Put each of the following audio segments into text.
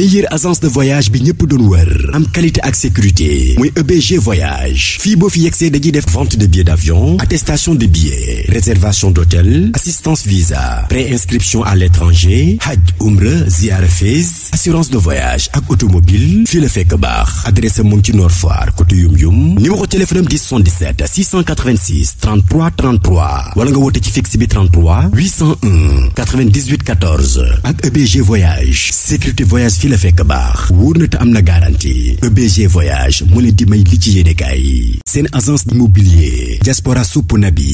meilleur meilleure agence de voyage bi ñëpp doon wër am qualité ak sécurité muy EBG voyage fii boo fi yegsee dañuy def vente de billets d'avion attestation de billets réservation d'hôtel assistance visa préinscription à l'étranger hajj umra ziara Fès assurance de voyage ak automobile fii la fekk baax adresse mu ngi ci Nord Foire côté Yum Yum numéro téléphone am 10 77 686 33 33 wala nga woote ci fixe bi 33 801 98 14 ak EBG voyage sécurité voyage fekk baax wóor na te am na garantie EBG voyage moo leen di may li ci yéenekaay yi seen agence immobilier diaspora supp na bi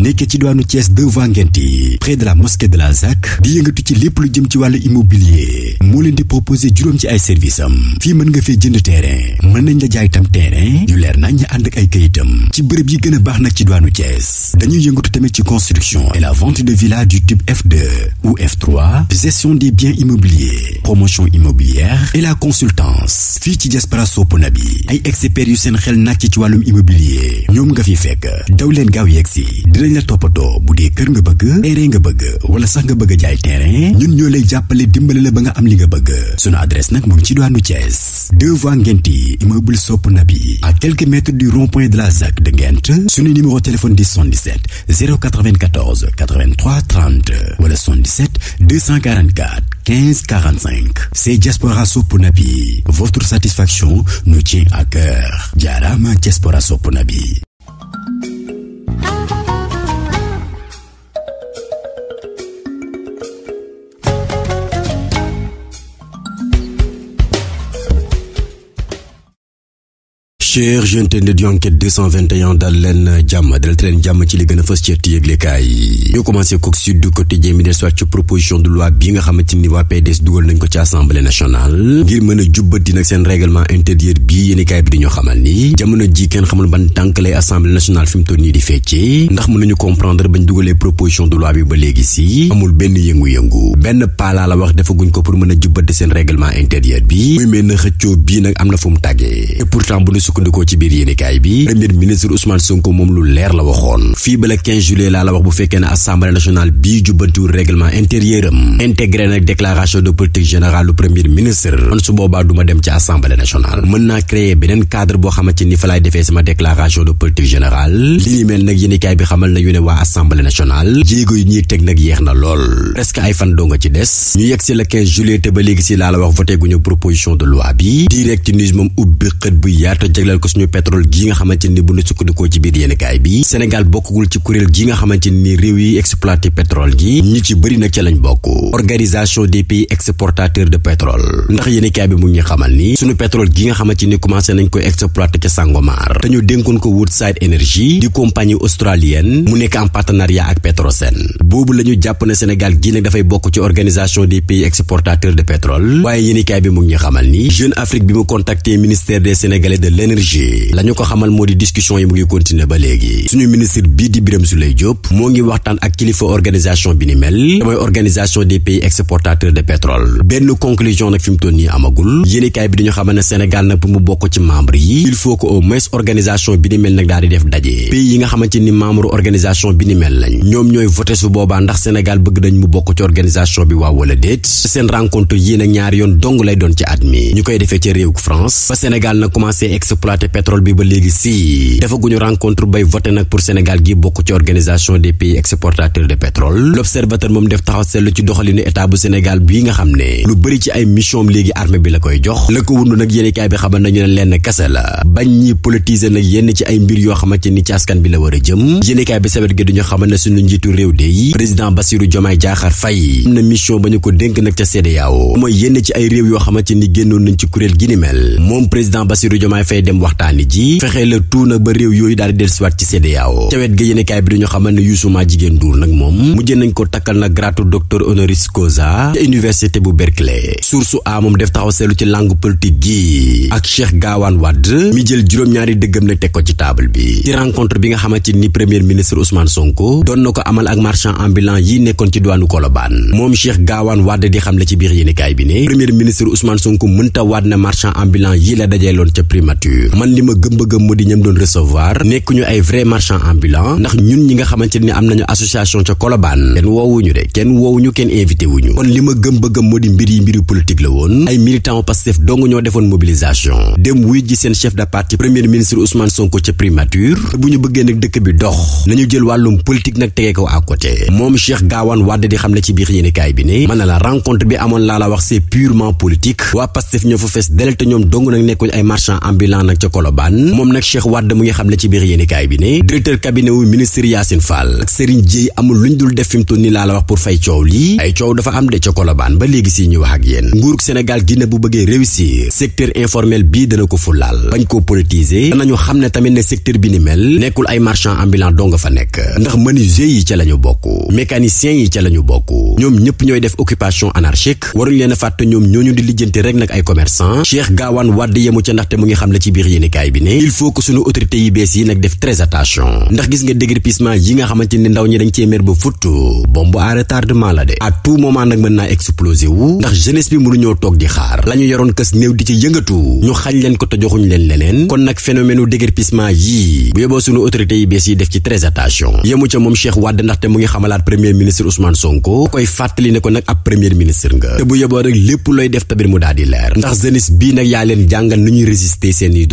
nekkee ci doonu Thiès devant Ngenti près de la mosquée de la ZAC di yëngatu ci lépp lu jëm ci wàllu immobilier moo leen di proposer juróom ci ay service am fii mën nga fee jënd terrain mën nañ la jaay tam terrain yu leer nañ ñu ànd ay kayitam ci bërëb yi gën a baax nag ci diwaanu Thiès dañuy yëngatu tamit ci construction et la vente de villas du type F2 ou F3 gestion des biens immobiliers promotion immobilière et la consultance fii ci Diaspora na bi ay experts yu seen xel nag ci wàllum immobilier ñoom nga fi fekk daw leen gaaw yeeg si dinañ la toppatoo bu dee kër nga bëgg terrain nga bëgg wala sax nga bëgg a jaay terrain ñun ñoo lay jàppale dimbali la ba nga am li nga bëgg sunu adresse nag mu ngi ci diwaanu Thiès deux voies Ngenti immeuble Sopona bi à quelques mètres du rond-point de la ZAC de Ngent suñu numéro téléphone di 77 094 83 30 wala 77 244 15 45 c'est Diaspora Sope Nabi votre satisfaction nous tient à cœur jaaraama Diaspora Sope cher jenteende di enquête 221 dal leen jàmm dal leen jàmm ci li gën a fës ci yëglekaay yi ñu commencé ko sud du quotidien mi del soit ci proposition de loi bi nga a jubbati nag seen règlement intérieur bi yéenekaay bi dañoo xamal ni jamono ji kenn xamul ban tànk lay assemblée nationale fi mu nii di feccee ndax mën nañu comprendre bañ dugalee proposition de loi bi ba léegi si amul benn yëngu-yëngu benn paalaa la wax defaguñ ko pour mën a jubbati seen règlement intérieur bi muy mel na xëccoo nag am sukkandikoo ci biir yéenekaay bi premier ministre Ousmane Sonko moom lu leer la waxoon fii ba le 15 laa la wax bu fekkee ne assemblée nationale bii jubbantiwul règlement intérieur intégré nag déclaration de politique générale du premier ministre man su boobaa du dem ci assemblée nationale mën naa créer beneen cadre boo xamante ni fa defee sama déclaration de politique générale li mel nag yéenekaay bi xamal nañu ne waa assemblée nationale na lool presque ay ba léegi jagleel ko suñu pétrole gi nga xamante ni bu ñu sukkandikoo ci biir yéenekaay bi Sénégal bokkagul ci kuréel gi nga xamante ni réew yi exploité pétrole gi ñu ci xamal ni suñu pétrole gi nga xamante ni commencé nañ koy exploité ca Sangomar te ñu dénkoon ko Woodside Energy di compagnie australienne mu nekk en partenariat ak Petrosen boobu la ñu jàpp ne Sénégal gi nag dafay bokk ci organisation des pays exportateurs de pétrole waaye yéenekaay bi mu ngi xamal ni Jeune Afrique bi mu contacté projet la ñu ko xamal moo di discussion yi mu ngi continuer ba léegi suñu ministre bii di Birame Souleye Diop moo ngi waxtaan ak kilifa organisation bi ni mel damooy organisation des pays exportateurs de pétrole benn conclusion nag fi mu nii amagul yéenekaay bi dañu xamal ne Sénégal nag pour mu bokk ci membre yi il faut que au moins organisation bi ni mel nag daal di def daje pays yi nga xamante ni membre organisation bi ni mel lañ ñoom ñooy voté su boobaa ndax Sénégal bëgg nañ mu bokk ci organisation bi waaw wala déet seen rencontre yii nag ñaari yoon dong lay doon ci at mi ñu koy exploité pétrole bi ba léegi si dafa guñu rencontre bay voté nag pour Sénégal gi bokk ci organisation des pays exportateurs de pétrole l'observateur moom def taxaw seetlu ci doxalinu état bu Sénégal bii ay mission am léegi armée bi la koy jox bi la bañ ñi politiser nag yenn ci ay mbir yoo xamante ni ci bi la war a jëm yéenekaay ba ko dénk nag ca CEDEAO mooy yenn ci ay réew yoo xamante ni génnoon nañ ci kuréel gi ni mel moom président Bassirou Diomaye Faye dem waxtaani ji fexe la tuuna ba réew yooyu daal di dellusiwaat ci CEDEAO ca wet ga yéenekaay bi dañu xamal ne Youssou Madjiguène Ndour nag moom mujj nañ ko takkal na gratu docteur honoris causa ca université bu Berkeley source su moom def taxaw seetlu ci langue politique gi ak Cheikh gaawaan Wade mi jël juróom-ñaari dëggam nag teg ko ci table bi ci rencontre bi nga xamante ni premier ministre Ousmane Sonko doon na ko amal ak marchand ambulant yi nekkoon ci diwaanu Colobane moom Cheikh Gawane Wade di xamle ci biir yéenekaay bi ne premier ministre Ousmane Sonko mënta waat na marchand ambulant yi la dajee loon ca primature préfecture man li ma gëm-bëggëm mu di ñam doon recevoir nekkuñu ay vrai marchand ambulant ndax ñun ñi nga xamante ni am nañu association ca Colobane kenn woowuñu de kenn woowuñu kenn invité wuñu kon li ma gëm-bëggëm mu di mbir yi mbiru politique la woon ay militant Pastef dong ñoo defoon mobilisation dem wuy ji seen chef de parti premier ministre Ousmane Sonko ca primature bu ñu bëggee nag dëkk bi dox nañu jël wàllum politique nag tegee ko moom Cheikh Gawane nag ca Colobane moom nag Cheikh Wade mu ngi xam ne ci biir yéenikaay bi ne directeur cabinet wu ministre Yacine Fall ak Serigne Dieye amul luñ dul def fi mu toll nii laa la wax pour fay coow lii ay coow dafa am de ca Colobane ba léegi si ñu wax ak yéen nguurug Sénégal gi na bu bëggee réussir secteur informel bii dana ko fullaal bañ koo politiser danañu xam ne tamit ne secteur bi ni mel nekkul ay marchand ambulant dong fa nekk ndax menuisier yi ca la ñu bokk mécanicien yi ca la ñu bokk ñoom ñëpp ñooy def occupation anarchique waruñ leen a fàtte ñoom ñooñu di lijjanti rek nag ay mu xam ne ci biir biir yéenekaay bi ne il faut que sunu autorités yi bees yi nag def très attention ndax gis nga déguerpissement yi nga xamante ni ndaw ñi dañ cee mer ba futt bombe à retardement la de à tout moment nag mën naa explosé wu ndax jeunesse bi mënuñoo toog di xaar la ñu yoroon kës néew di ci yëngatu ñu xañ leen ko te joxuñ leen leneen kon nag phénomène u déguerpissement yii bu yóbboo sunu autorités yi bees yi def ci très attention yemu ca moom Cheikh Wade ndaxte te mu daal di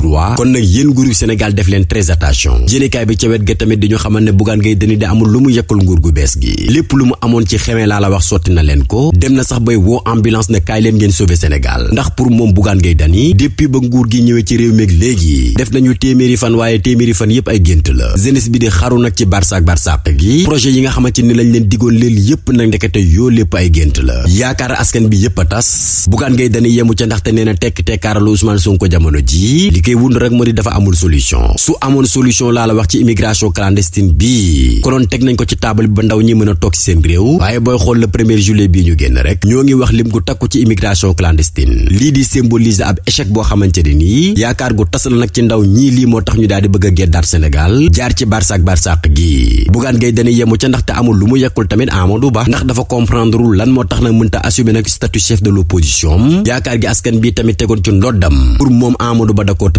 2023 kon nag yéen nguur yu Sénégal def leen très attention yéenekaay bi ca wet ga tamit di ñu xamal ne Bougane Gueye Dany de amul lu mu yekkul nguur gu bees gi lépp lu mu amoon ci xemee laa la wax sotti na leen ko dem na sax bay woo ambulance ne kaay leen ngeen sauver Sénégal ndax pour moom Bougane Gueye Dany depuis ba nguur gi ñëwee ci réew meeg léegi def nañu téeméeri fan waaye téeméeri fan yépp ay gént la jeunesse bi di xaru nag ci barsak barsak gi projet yi nga xamante ni lañ leen digoon leen yépp nag ndekete la yaakaar askan bi yépp tas Bougane Gueye Dany yemu ca ndaxte nee na tekk tekkaaralu Ousmane Sonko jamono ji teewul rek moo di dafa amul solution su amoon solution laa la wax ci immigration clandestine bi konoon teg nañ ko ci taabal bi ba ndaw ñi mën a toog ci seen réew waaye booy xool le premier juillet bii ñu génn rek ñoo ngi wax lim gu takku ci immigration clandestine lii di symboliser ab échec boo xamante nii yaakaar gu tas la nag ci ndaw ñii lii moo tax ñu daal bëgg a geddaat Sénégal jaar ci barsak barsak gi bugaan gay dana yemu ca ndax dafa comprendre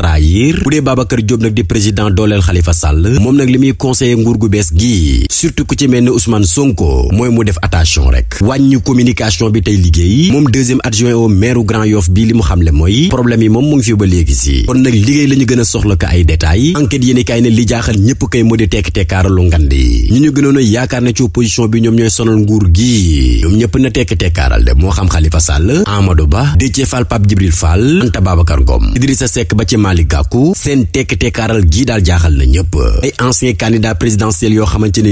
trahir bu dee Babacar Diop nag di président dooleel Khalifa Sall moom nag li muy conseiller nguur gu bees gii surtout ku ci mel ni Ousmane Sonko mooy mu def attention rek wàññi communication bi tey liggéey moom deuxième adjoint maire Grand Yoff bii li mu xamle mooy problème yi moom mu ngi fi léegi si kon nag liggéey la ñu a soxla ko ay détails enquête yéen kaay ne li jaaxal ñëpp kay moo di tekk-tekkaaralu ngand yi ñu ñu gënoon a yaakaar ne ci opposition bi Malick Gakou seen tekk-tekkaaral gii daal jaaxal na ñëpp ay ancien candidat présidentiel yoo xamante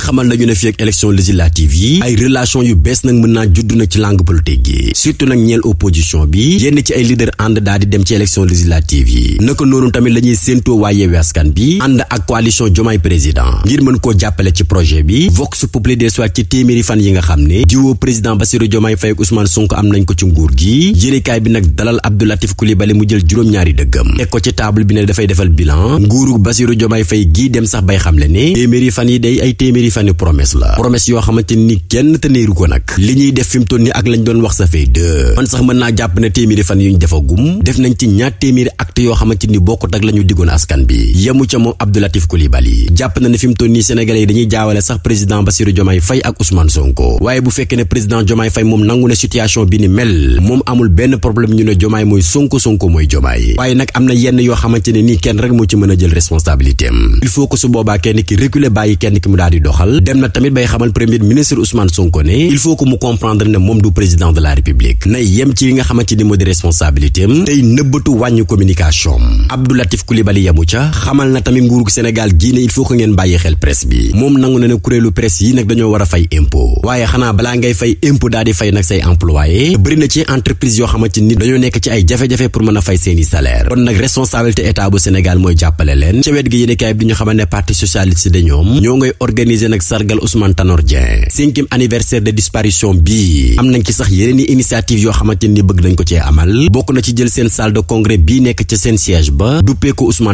xamal nañu ne fii ak élection yi ay relation yu bees nag mën naa judd na ci langue politique gi surtout nag ñeel opposition bi yenn ci ay leader ànd daal dem ci élection législative yi naka noonu tamit la séentoo waa Yewwi Askan bi ànd ak coalition Diomaye président ngir mën koo jàppale ci projet bi vox populi des ci téeméeri fan yi nga nga xam ne jiwoo président Bassirou Diomaye Faye ak Ousmane Sonko am nañ ko ci nguur gi yéenekaay bi nag dalal Abdou Latif Coulibaly mu jël juróom-ñaari dëggam teg ci table bi ne dafay defal bilan nguuru Bassirou Diomaye Faye gii dem sax bay xamle ne téeméeri fan yi day ay téeméeri fan yu promesse la promesse yoo xamante ni kenn te néeru ko nag li ñuy def fi mu toll ni ak lañ doon wax sa fay de man sax mën naa jàpp ne téeméeri fan yuñ defagum def nañ ci ñaar yoo xamante ni ni sénégalais yi dañuy jaawale sax président Bassirou Diomaye Faye ak ko waaye bu fekkee ne président Diomaye Faye moom nangu na situation bi ni mel moom amul benn problème ñu ne Diomaye mooy Sonko Sonko mooy Diomaye waaye nag am na yenn yoo xamante ne nii kenn rek moo ci mën a jël responsabilité am il faut que su boobaa kenn ki reculer bàyyi kenn ki mu daal di doxal dem na tamit bay xamal premier ministre Ousmane Sonko ne il faut que mu comprendre ne moom du président de la République nay yem ci li nga xamante ni moo di responsabilité am tey nëbbatu wàññi communication am Abdou Latif Coulibaly yamu ca xamal na tamit nguurug Sénégal gii ne il faut que ngeen bàyyi xel presse bi moom nangu na ne kuréelu presse yi nag dañoo war a fay impôt waaye xanaa balaa ngay fay impôt daal di fay nag say employé bëri na ci entreprise yoo xamante ni dañoo nekk ci ay jafe-jafe pour mën a fay seeni salaire kon nag responsabilité état bu Sénégal mooy jàppale leen ci wet gi yéenekaay bi ñu xamal ne parti socialiste de ñoom ñoo ngay organiser nag sargal Ousmane Tanor Dieng cinquième anniversaire de disparition bi am nañ ci sax yeneen i initiative yoo xamante ni bëgg nañ ko cee amal bokk na ci jël seen salle de congrès bii nekk ca seen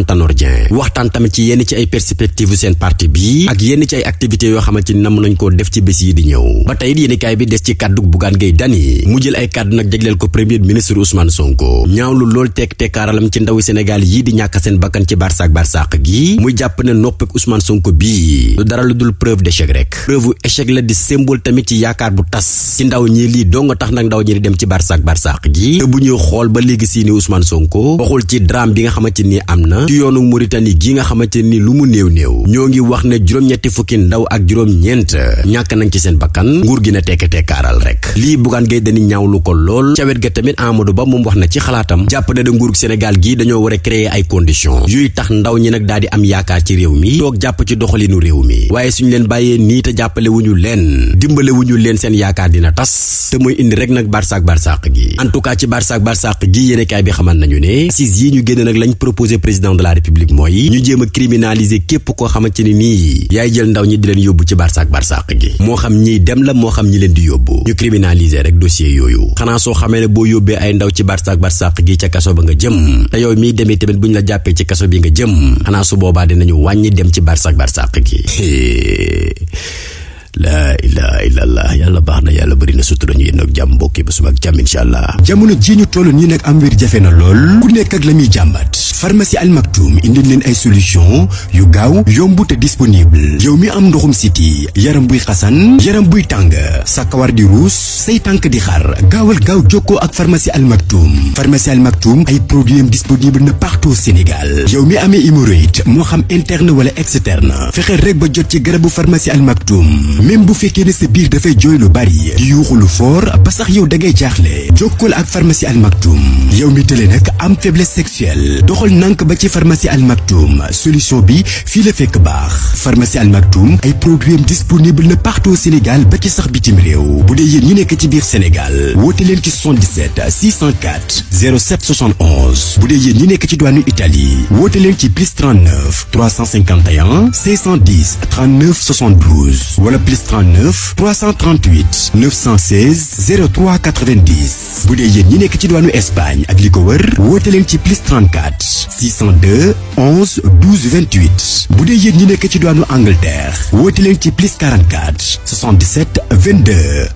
Tanor Dieng waxtaan tamit ci yenn ci ay perspectives seen parti bi ak yenn ci yoo xamante ni namm nañ koo def ci yi di ñëw ginnaaw ba tey it bi des ci kàddu Bougane Gueye Dany mu jël ay kàddu nag jagleel ko premier ministre Ousmane Sonko lu lool tekk tekkaaralam ci ndawi Sénégal yi di ñàkk seen bakkan ci barsaak barsaak gi mu jàpp ne noppek Ousmane Sonko bii du dara lu dul preuve d'échec rek preuve échec la di symbole tamit ci yaakaar bu tas ci ndaw ñi lii doo nga tax nag ndaw ñi dem ci barsaak barsaak gi te bu ñëw xool ba léegi sii ni Ousmane Sonko waxul ci drame bi nga xamante ni am na yoonu Mauritanie gi nga xamante ni lu mu néew néew ñoo ngi wax ne juróom-ñetti fukki ndaw ak juróom-ñeent ñàkk nañ ci seen bakkan bakkan nguur gi ne tekk tekkaaral rek lii Bougane Gueye Dany lu ko lool ca wet ga tamit Amadou Ba moom wax na ci xalaatam jàpp ne da nguur Sénégal gi dañoo war a créer ay conditions yuy tax ndaw ñi nag daal di am yaakaar ci réew mi toog jàpp ci doxalinu réew mi waaye suñu leen bàyyee nii te leen dimbale wuñu leen seen yaakaar dina tas te mooy indi rek nag barsaak barsaak gi en tout cas ci barsaak barsaak gi yéenekaay bi xamal nañu ne yi ñu génn nag lañ proposé président de la république mooy ñu jéem a criminaliser képp koo xamante ni nii yaay jël ndaw ñi di leen yóbbu ci barsaak barsaak gi moo xam ñiy dem la moo xam ñi leen di yóbbu ñu criminaliser rek dossier yooyu xanaa soo xamee ne boo yóbbee ay ndaw ci barsàq barsàq gi ca kaso ba nga jëm te yow miy demee tamit bu ñu la jàppee ci kaso bi nga jëm xanaa su boobaa dinañu wàññi dem ci barsàq barsàq gi laa ilaha illa allah yàlla baax na yàlla bëri na sutura ñu yéen ak jàmm mbokki ba suba ak jàmm incha allah jamono ji ñu toll nii nag am wér jafe na lool ku nekk ak la muy jàmbat pharmacie Al Maktoum indi leen ay solution yu gaaw yomb te disponible yow mi am ndoxum siti yaram buy xasan yaram buy tàng sa kawar di ruus say tànk di xar gaawal gaaw jokkoo ak pharmacie Al Maktoum pharmacie Al Maktoum ay produit am disponible na partout Sénégal yow mi amee hémorroïde moo xam interne wala externe fexeel rek ba jot ci garabu pharmacie Al Maktoum même bu fekkee ne sa biir dafay jooy lu bari di yuuxu lu fort ba sax yow da ngay jaaxle jokkoo ak pharmacie Al Maktoum yow mi tële nag am faiblesse sexuelle doxal nank ba ci pharmacie Al Maktoum solution bi fii la fekk baax pharmacie Al Maktoum ay produits disponible na partout au Sénégal ba ci sax bitim réew bu dee yéen ñu nekk ci biir Sénégal woote leen ci 77 604 07 71 bu dee yéen ñu nekk ci douane Italie woote leen ci plus 39 351 510 39 72 wala plus 639 338 916 03 90 bu dee yéen ñi nekk ci diwaanu Espagne ak li ko wër woote leen ci plus 34 602 11 12 28 bu dee yéen ñi nekk ci diwaanu Angleterre woote leen ci plus 44 77 22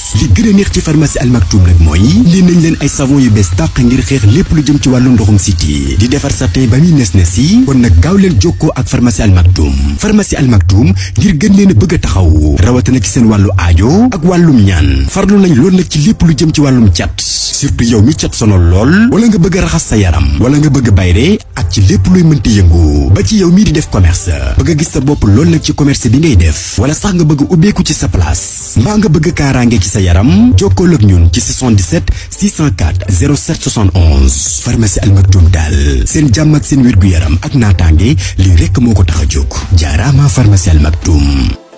li gën a neex ci pharmacie Al Maktoum nag mooy lii nañ leen ay savon yu bees tàq ngir xeex lépp lu jëm ci wàllu ndoxum siti di defar sartee ba muy nes nes yi kon nag gaaw leen jokkoo ak pharmacie Al Maktoum pharmacie Al Maktoum ngir gën leen a bëgg a taxaw rawatina ci seen wàllu aajo ak wàllum ñaan farlu nañ lool nag ci lépp lu jëm ci wàllum cat surtout yow mi cat sonal lool wala nga bëgg raxas sa yaram wala nga bëgg a bayre ak ci lépp luy mënti yëngu ba ci yow mii di def commerce bëgg a gis sa bopp lool nag ci commerce bi ngay def wala sax nga bëgg ubbeeku ci sa place mbaa sa yaram jokkool ak ñun ci 77 604 07 71 pharmacie Al Maktoum daal seen jàmm seen wirgu yaram ak naataange lii rekk moo ko tax a jóg jaaraama pharmacie Al